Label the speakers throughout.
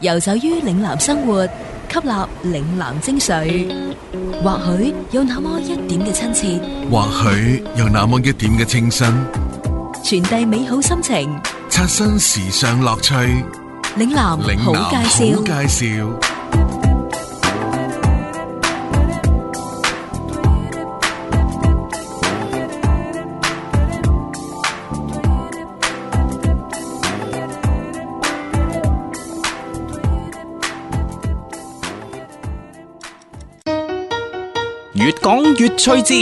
Speaker 1: 遊走於嶺南生活，吸納嶺南精髓，或許有那麼一點嘅親切，
Speaker 2: 或許有那麼一點嘅清新，
Speaker 1: 傳遞美好心情，
Speaker 2: 刷新時尚樂趣。
Speaker 1: 嶺南好介紹，好介
Speaker 2: 紹。
Speaker 3: 越趣之，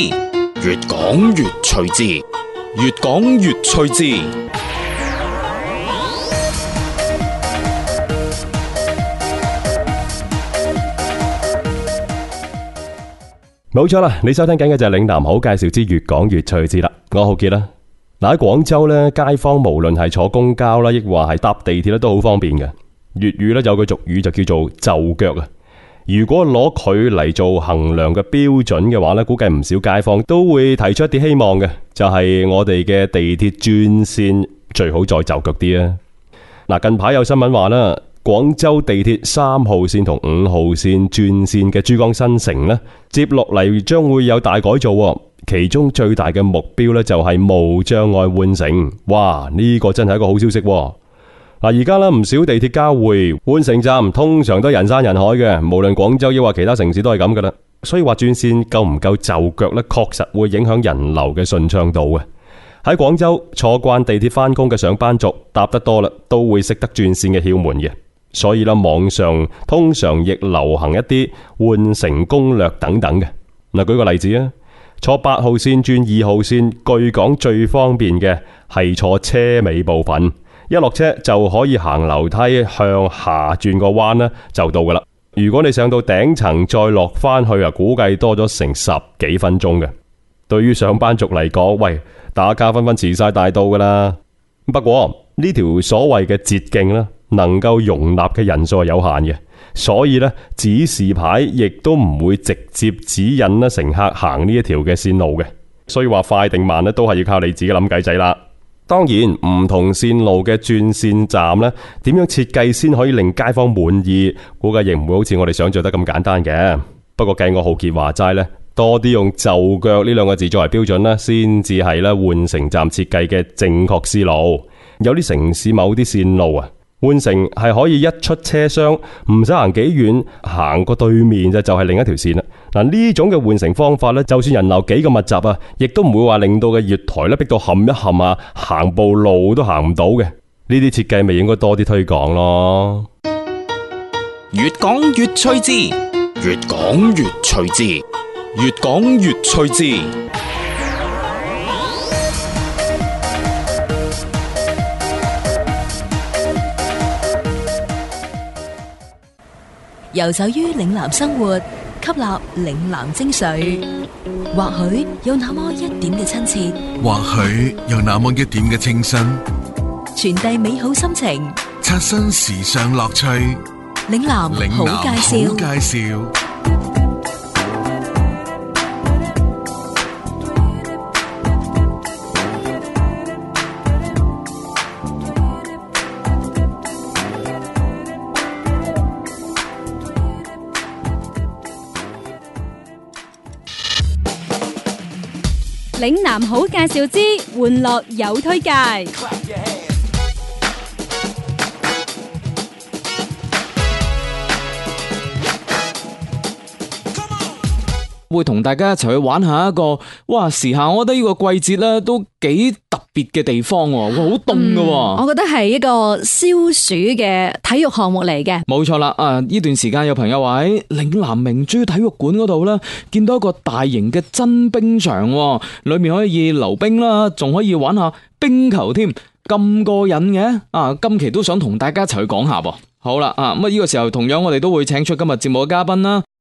Speaker 3: 越講越趣之，越講越趣之。
Speaker 4: 冇錯啦！你收聽緊嘅就係嶺南好介紹之越講越趣之啦。我浩杰啦。嗱喺廣州呢，街坊無論係坐公交啦，抑或係搭地鐵咧，都好方便嘅。粵語呢，有句俗語就叫做就腳啊。如果攞佢嚟做衡量嘅標準嘅話呢，估計唔少街坊都會提出一啲希望嘅，就係我哋嘅地鐵轉線最好再就腳啲啊！嗱，近排有新聞話啦，廣州地鐵三號線同五號線轉線嘅珠江新城呢，接落嚟將會有大改造，其中最大嘅目標呢，就係無障礙換乘。哇，呢個真係一個好消息。嗱，而家啦，唔少地鐵交匯換乘站，通常都人山人海嘅。無論廣州抑或其他城市都係咁噶啦。所以話轉線夠唔夠就腳呢，確實會影響人流嘅順暢度嘅。喺廣州坐慣地鐵翻工嘅上班族搭得多啦，都會識得轉線嘅竅門嘅。所以啦，網上通常亦流行一啲換乘攻略等等嘅。嗱，舉個例子啊，坐八號線轉二號線，據講最方便嘅係坐車尾部分。一落車就可以行樓梯向下轉個彎咧，就到噶啦。如果你上到頂層再落翻去啊，估計多咗成十幾分鐘嘅。對於上班族嚟講，喂，打卡紛紛遲晒大到噶啦。不過呢條所謂嘅捷徑呢，能夠容納嘅人數係有限嘅，所以呢指示牌亦都唔會直接指引呢乘客行呢一條嘅線路嘅。所以話快定慢呢，都係要靠你自己諗計仔啦。當然，唔同線路嘅轉線站呢，點樣設計先可以令街坊滿意？估計亦唔會好似我哋想象得咁簡單嘅。不過，計我浩傑話齋呢，多啲用就腳呢兩個字作為標準呢，先至係換乘站設計嘅正確思路。有啲城市某啲線路啊。換乘係可以一出車廂，唔使行幾遠，行過對面就就係另一條線啦。嗱，呢種嘅換乘方法咧，就算人流幾咁密集啊，亦都唔會話令到嘅月台咧逼到冚一冚啊，行步路都行唔到嘅。呢啲設計咪應該多啲推廣咯。越講越趣緻，越講越趣緻，
Speaker 3: 越講越趣緻。
Speaker 1: 遊走於嶺南生活，吸納嶺南精髓，或許有那麼一點嘅親切，
Speaker 2: 或許有那麼一點嘅清新，
Speaker 1: 傳遞美好心情，
Speaker 2: 刷新時尚樂趣。
Speaker 1: 嶺南好介
Speaker 2: 紹。
Speaker 5: 嶺南好介紹之，玩樂有推介。
Speaker 3: 會同大家一齊去玩下一個哇！時下我覺得呢個季節咧都幾特別嘅地方，喎，好凍噶！我
Speaker 5: 覺得係一個消暑嘅體育項目嚟嘅。
Speaker 3: 冇錯啦，啊！呢段時間有朋友話喺嶺南明珠體育館嗰度咧，見到一個大型嘅真冰場，裏面可以溜冰啦，仲可以玩下冰球添，咁過癮嘅啊！今期都想同大家一齊講下喎。好啦，啊，咁啊呢個時候同樣我哋都會請出今日節目嘅嘉賓啦。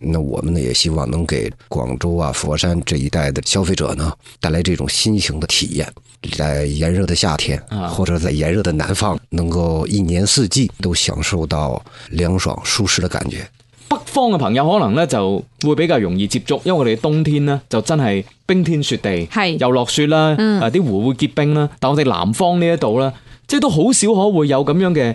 Speaker 6: 那我們呢，也希望能給廣州啊、佛山這一帶的消費者呢，帶來這種新型的體驗，在炎熱的夏天啊，或者在炎熱的南方，能夠一年四季都享受到涼爽舒適的感覺。
Speaker 3: 北方嘅朋友可能呢，就會比較容易接觸，因為我哋冬天呢，就真係冰天雪地，係又落雪啦，啊、嗯、啲湖會結冰啦。但我哋南方呢一度呢，即係都好少可會有咁樣嘅。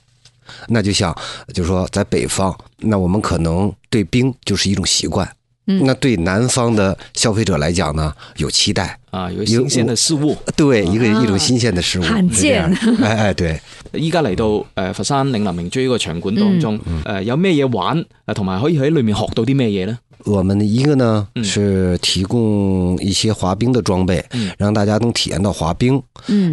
Speaker 6: 那就像，就是說，在北方，那我們可能對冰就是一種習慣。嗯、那對南方的消費者來講呢，有期待啊，有新鮮的事物。對，一個一種新鮮的事物，罕、啊、見。
Speaker 3: 哎哎，對。依家嚟到呃佛山嶺南明珠一個場館當中，嗯、呃有咩嘢玩啊？同埋可以喺裏面學到啲咩嘢呢？
Speaker 6: 我們的一個呢是提供一些滑冰的裝備，讓大家能體驗到滑冰。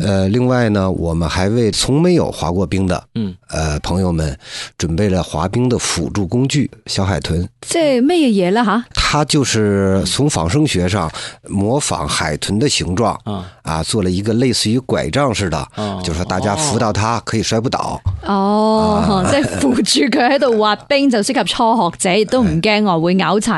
Speaker 6: 呃，另外呢，我們還為從沒有滑過冰的呃朋友們準備了滑冰的輔助工具——小海豚。
Speaker 5: 這係咩嘢啦哈？
Speaker 6: 它就是從仿生學上模仿海豚的形狀、嗯、啊，做了一個類似於拐杖似的、哦，就說大家扶到它可以摔不倒。
Speaker 5: 哦，啊、即係扶住佢喺度滑冰就適合初學者，亦 都唔驚我會拗柴。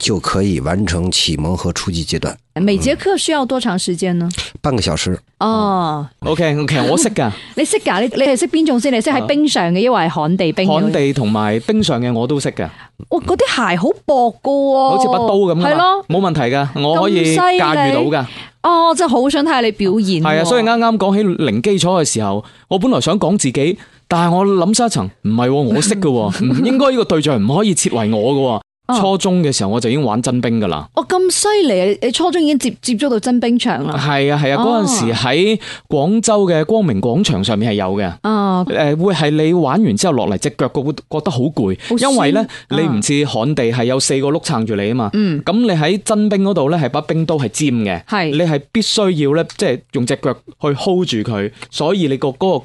Speaker 6: 就可以完成啟蒙和初級階段、
Speaker 5: 嗯。每節課需要多長時間呢？半個小時。哦、
Speaker 6: 嗯，OK OK，我識噶 ，
Speaker 5: 你識噶，你你係識邊種先？你識喺冰上嘅，抑或係旱地冰的？旱地
Speaker 3: 同埋冰上嘅我都識嘅、
Speaker 5: 哦。哇、哦哦，嗰啲鞋薄、哦、好薄噶，好似把刀咁樣。係咯，
Speaker 3: 冇問題噶，我可以駕馭到噶。
Speaker 5: 哦，真係好想睇下你表演。係啊，所以啱
Speaker 3: 啱講起零基礎嘅時候，我本來想講自己，但係我諗深一層，唔係、哦、我識噶、哦，唔 應該呢個對象唔可以設為我噶、哦。初中嘅時候我就已經玩真冰噶啦。
Speaker 5: 我咁犀利，你初中已經接接觸到真冰場啦？
Speaker 3: 係啊係啊，嗰陣、啊哦、時喺廣州嘅光明廣場上面係有嘅，誒、啊、會係你玩完之後落嚟隻腳個會覺得很好攰，因為咧你唔似旱地係、啊、有四個碌撐住你啊嘛，咁、嗯、你喺真冰嗰度咧係把冰刀係尖嘅，係你係必須要咧即係用隻腳去 hold 住佢，所以你、那個嗰個。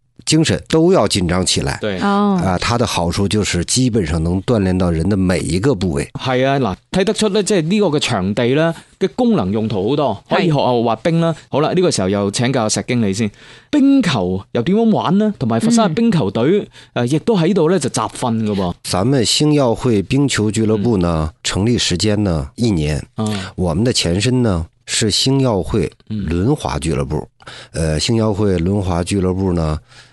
Speaker 6: 精神都要緊張起來，對啊、呃，它的好處就是基本上能鍛煉到人的每一個部位。
Speaker 3: 係啊，嗱，睇得出呢，即係呢個嘅場地呢嘅功能用途好多，可以學下滑冰啦。好啦，呢、這個時候又請教石經理先，冰球又點樣玩呢？同埋佛山嘅冰球隊，誒、嗯，亦都喺度呢，就集訓噶噃。
Speaker 6: 咱們星耀會冰球俱樂部呢，成立時間呢一年、嗯，我們的前身呢是星耀會輪滑俱樂部，嗯、呃星耀會輪滑俱樂部呢。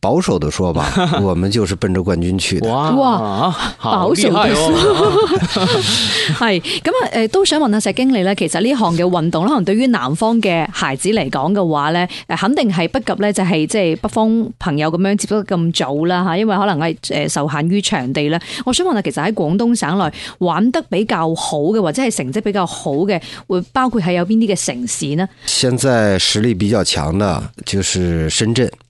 Speaker 6: 保守的說吧，我們就是奔着冠軍去的。哇，保守
Speaker 5: 係咁啊！誒， 都想問下石經理咧，其實呢項嘅運動可能對於南方嘅孩子嚟講嘅話咧，誒，肯定係不及咧，就係即係北方朋友咁樣接得咁早啦吓，因為可能係誒受限於場地啦。我想問下，其實喺廣東省內玩得比較好嘅，或者係成績比較好嘅，會包括係有邊啲嘅城市呢？
Speaker 6: 現在實力比較強嘅，就是深圳。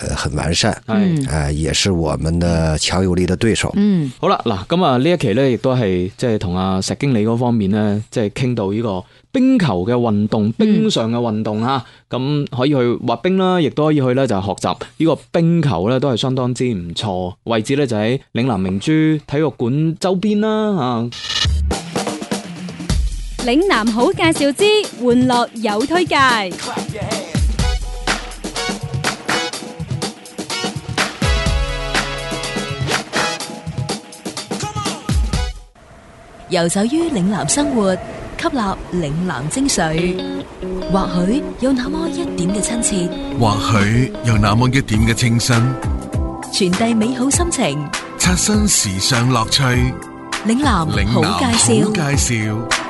Speaker 6: 誒，很完善，誒，也是我們的強有力的對手。嗯，好啦，嗱，咁啊，呢一期
Speaker 3: 呢亦都係即係同阿石經理嗰方面呢，即係傾到呢個冰球嘅運動，冰上嘅運動啊，咁、嗯、可以去滑冰啦，亦都可以去呢，就學習呢個冰球呢都係相當之唔錯。位置呢就喺嶺南明珠體育館周邊啦，吓。
Speaker 5: 嶺南好介紹之，玩樂有推介。
Speaker 1: 遊走於嶺南生活，吸納嶺南精髓，或許有那麼一點嘅親切，
Speaker 2: 或許有那麼一點嘅清新，
Speaker 1: 傳遞美好心情，
Speaker 2: 刷新時尚樂趣。
Speaker 1: 嶺南好介紹，嶺南好介紹。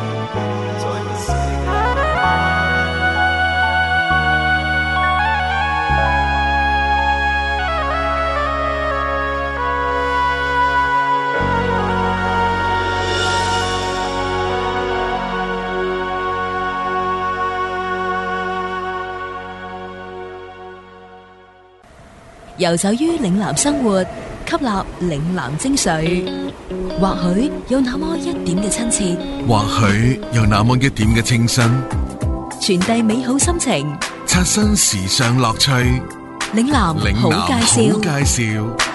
Speaker 1: 遊走於嶺南生活，吸納嶺南精髓，或許有那麼一點嘅親切，
Speaker 2: 或許有那麼一點嘅清新，
Speaker 1: 傳遞美好心情，
Speaker 2: 刷新時尚樂趣。
Speaker 7: 嶺南好介
Speaker 2: 紹。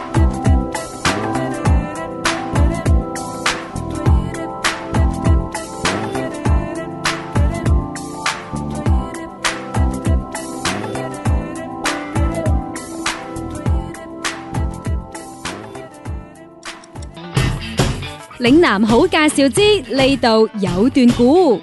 Speaker 5: 嶺南好介紹之，呢度有段古。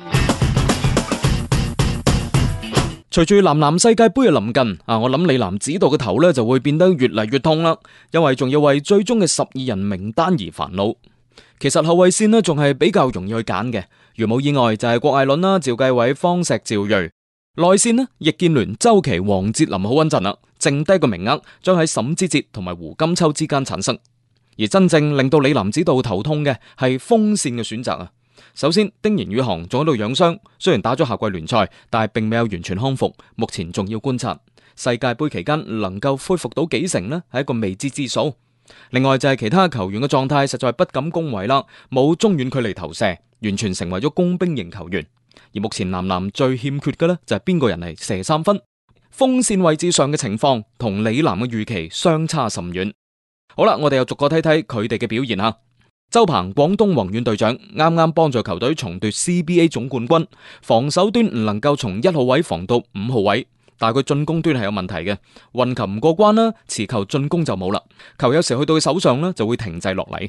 Speaker 3: 隨住男籃世界杯嘅臨近，啊，我諗李楠指導嘅頭咧就會變得越嚟越痛啦，因為仲要為最終嘅十二人名單而煩惱。其實後衛線咧仲係比較容易去揀嘅，如冇意外就係郭艾倫啦、趙繼偉、方碩、趙睿。內線咧，易建聯、周琦、王哲林好穩陣啦，剩低個名額將喺沈梓捷同埋胡金秋之間產生。而真正令到李楠指導頭痛嘅係鋒線嘅選擇啊！首先，丁彥雨航仲喺度養傷，雖然打咗夏季聯賽，但係並未有完全康復，目前仲要觀察世界杯期間能夠恢復到幾成呢，係一個未知之數。另外就係其他球員嘅狀態實在不敢恭維啦，冇中遠距離投射，完全成為咗工兵型球員。而目前男籃最欠缺嘅呢，就係邊個人嚟射三分，鋒線位置上嘅情況同李楠嘅預期相差甚遠。好啦，我哋又逐個睇睇佢哋嘅表現吓。周鵬，廣東宏遠隊長，啱啱幫助球隊重奪 CBA 總冠軍。防守端唔能夠從一號位防到五號位，但係佢進攻端係有問題嘅，運球唔過關啦，持球進攻就冇啦，球有時去到佢手上呢就會停滯落嚟。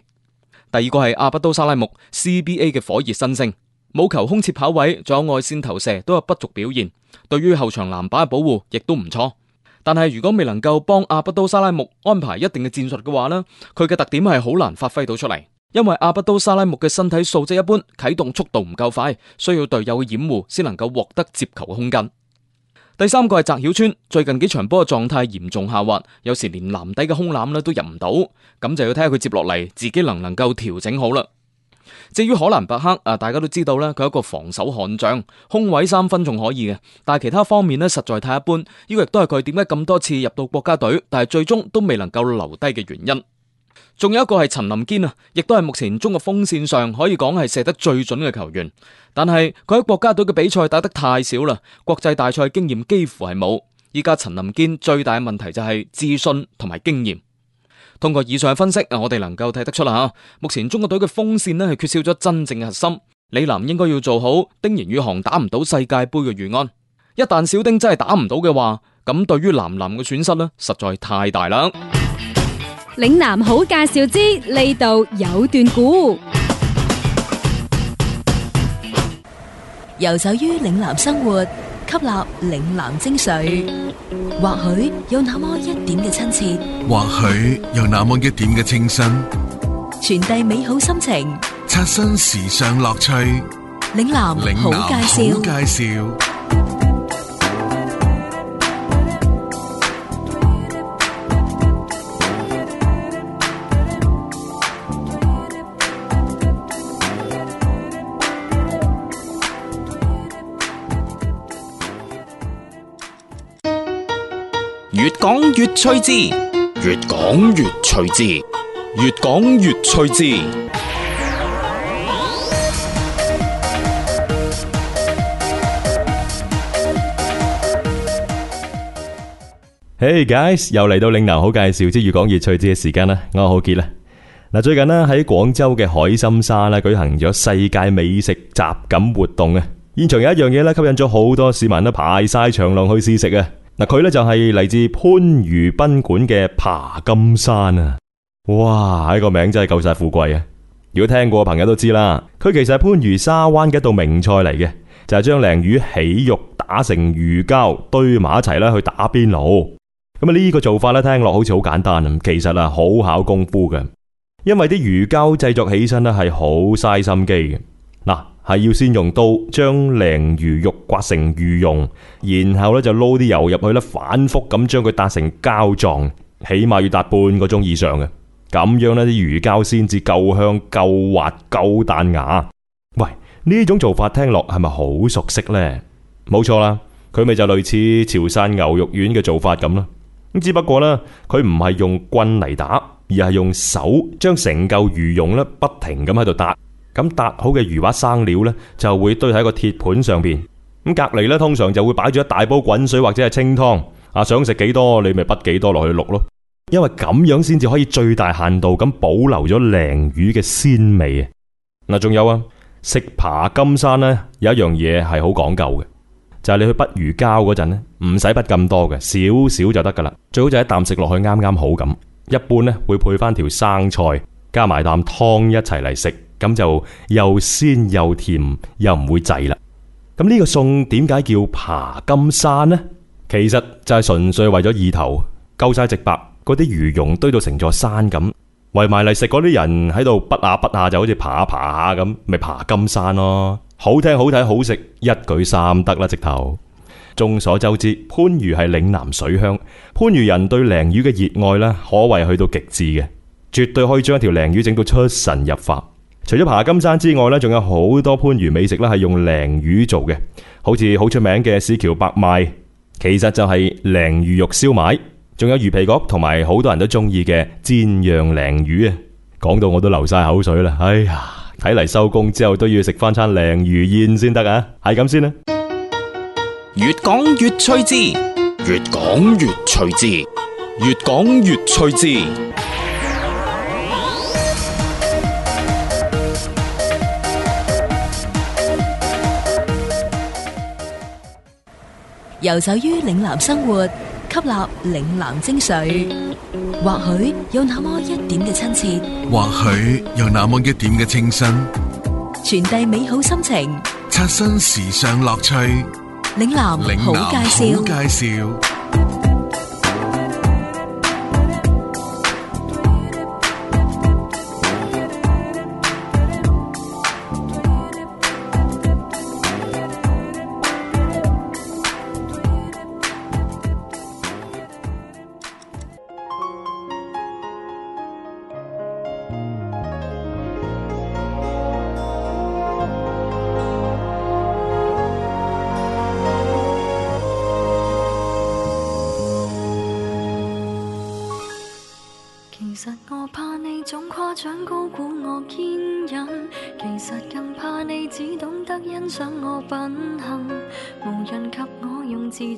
Speaker 3: 第二個係阿不都沙拉木，CBA 嘅火熱新星，冇球空切跑位，仲有外線投射都有不俗表現，對於後場籃板嘅保護亦都唔錯。但係如果未能夠幫阿不都沙拉木安排一定嘅戰術嘅話呢，佢嘅特點係好難發揮到出嚟，因為阿不都沙拉木嘅身體素質一般，啟動速度唔夠快，需要隊友嘅掩護先能夠獲得接球嘅空間。第三個係翟曉川，最近幾場波嘅狀態嚴重下滑，有時連籃底嘅空籃呢都入唔到，咁就要睇下佢接落嚟自己能唔能夠調整好啦。至於可蘭白克啊，大家都知道啦，佢一個防守悍將，空位三分仲可以嘅，但係其他方面呢，實在太一般。呢個亦都係佢點解咁多次入到國家隊，但係最終都未能夠留低嘅原因。仲有一個係陳林堅啊，亦都係目前中國鋒線上可以講係射得最準嘅球員，但係佢喺國家隊嘅比賽打得太少啦，國際大賽經驗幾乎係冇。依家陳林堅最大嘅問題就係自信同埋經驗。通過以上嘅分析，我哋能夠睇得出啦吓，目前中國隊嘅鋒線咧係缺少咗真正嘅核心，李楠應該要做好丁彥雨航打唔到世界杯嘅預案。一旦小丁真係打唔到嘅話，咁對於男籃嘅損失呢，實在太大啦。
Speaker 5: 嶺南好介紹之，呢度有段古，
Speaker 1: 游走於嶺南生活。吸納嶺南精髓，或許有那麼一點嘅親切，
Speaker 2: 或許有那麼一點嘅清新，
Speaker 1: 傳遞美好心情，
Speaker 2: 刷新時尚樂趣。
Speaker 1: 嶺南好介紹，好介
Speaker 2: 紹。
Speaker 3: 越講越趣字，越講越趣
Speaker 4: 字，越講越趣字。Hey guys，又嚟到嶺南好介紹之越講越趣字嘅時間啦！我係浩傑啦。嗱，最近咧喺廣州嘅海心沙啦舉行咗世界美食集錦活動啊！現場有一樣嘢咧，吸引咗好多市民都排晒長龍去試食啊！嗱，佢呢就係嚟自番禺賓館嘅爬金山啊！哇，呢個名真係夠晒富貴啊！如果聽過嘅朋友都知啦，佢其實係番禺沙灣嘅一道名菜嚟嘅，就係將鯪魚起肉打成魚膠堆埋一齊呢，去打邊爐。咁啊呢個做法咧，聽落好似好簡單啊，其實啊好考功夫嘅，因為啲魚膠製作起身咧係好嘥心機嘅嗱。係要先用刀將鯪魚肉刮成魚蓉，然後咧就撈啲油入去咧，反復咁將佢打成膠狀，起碼要打半個鐘以上嘅。咁樣呢啲魚膠先至夠香、夠滑、夠彈牙。喂，呢種做法聽落係咪好熟悉呢？冇錯啦，佢咪就類似潮汕牛肉丸嘅做法咁囉。咁只不過呢，佢唔係用棍嚟打，而係用手將成嚿魚蓉咧不停咁喺度打。咁搭好嘅魚滑生料呢，就會堆喺個鐵盤上邊。咁隔籬呢，通常就會擺住一大煲滾水或者係清湯。啊，想食幾多，你咪滗幾多落去淥咯。因為咁樣先至可以最大限度咁保留咗鯪魚嘅鮮味啊。嗱，仲有啊，食扒金山呢，有一樣嘢係好講究嘅，就係、是、你去滗魚膠嗰陣呢，唔使滗咁多嘅，少少就得噶啦。最好就一啖食落去啱啱好咁。一般呢，會配翻條生菜，加埋啖湯一齊嚟食。咁就又鮮又甜，又唔會滯啦。咁呢個餸點解叫爬金山呢？其實就係純粹為咗意頭，夠晒直白。嗰啲魚蓉堆到成座山咁，圍埋嚟食嗰啲人喺度，畢下畢下就好似爬下爬下咁，咪爬金山咯。好聽好睇好食，一舉三得啦！直頭，眾所周知，番禺係嶺南水鄉，番禺人對鯪魚嘅熱愛呢，可謂去到極致嘅，絕對可以將一條鯪魚整到出神入化。除咗爬金山之外咧，仲有好多番禺美食啦，係用鯪魚做嘅，好似好出名嘅市橋白賣，其實就係鯪魚肉燒賣，仲有魚皮角同埋好多人都中意嘅煎釀鯪魚啊！講到我都流晒口水啦，哎呀，睇嚟收工之後都要食翻餐鯪魚宴先得啊！係咁先啦，越講越趣致，越講越趣
Speaker 3: 致，越講越趣致。
Speaker 1: 遊走於嶺南生活，吸納嶺南精髓，或許有那麼一點嘅親切，
Speaker 2: 或許有那麼一點嘅清新，
Speaker 1: 傳遞美好心情，
Speaker 2: 刷新時尚樂趣。
Speaker 1: 嶺南好介
Speaker 2: 紹。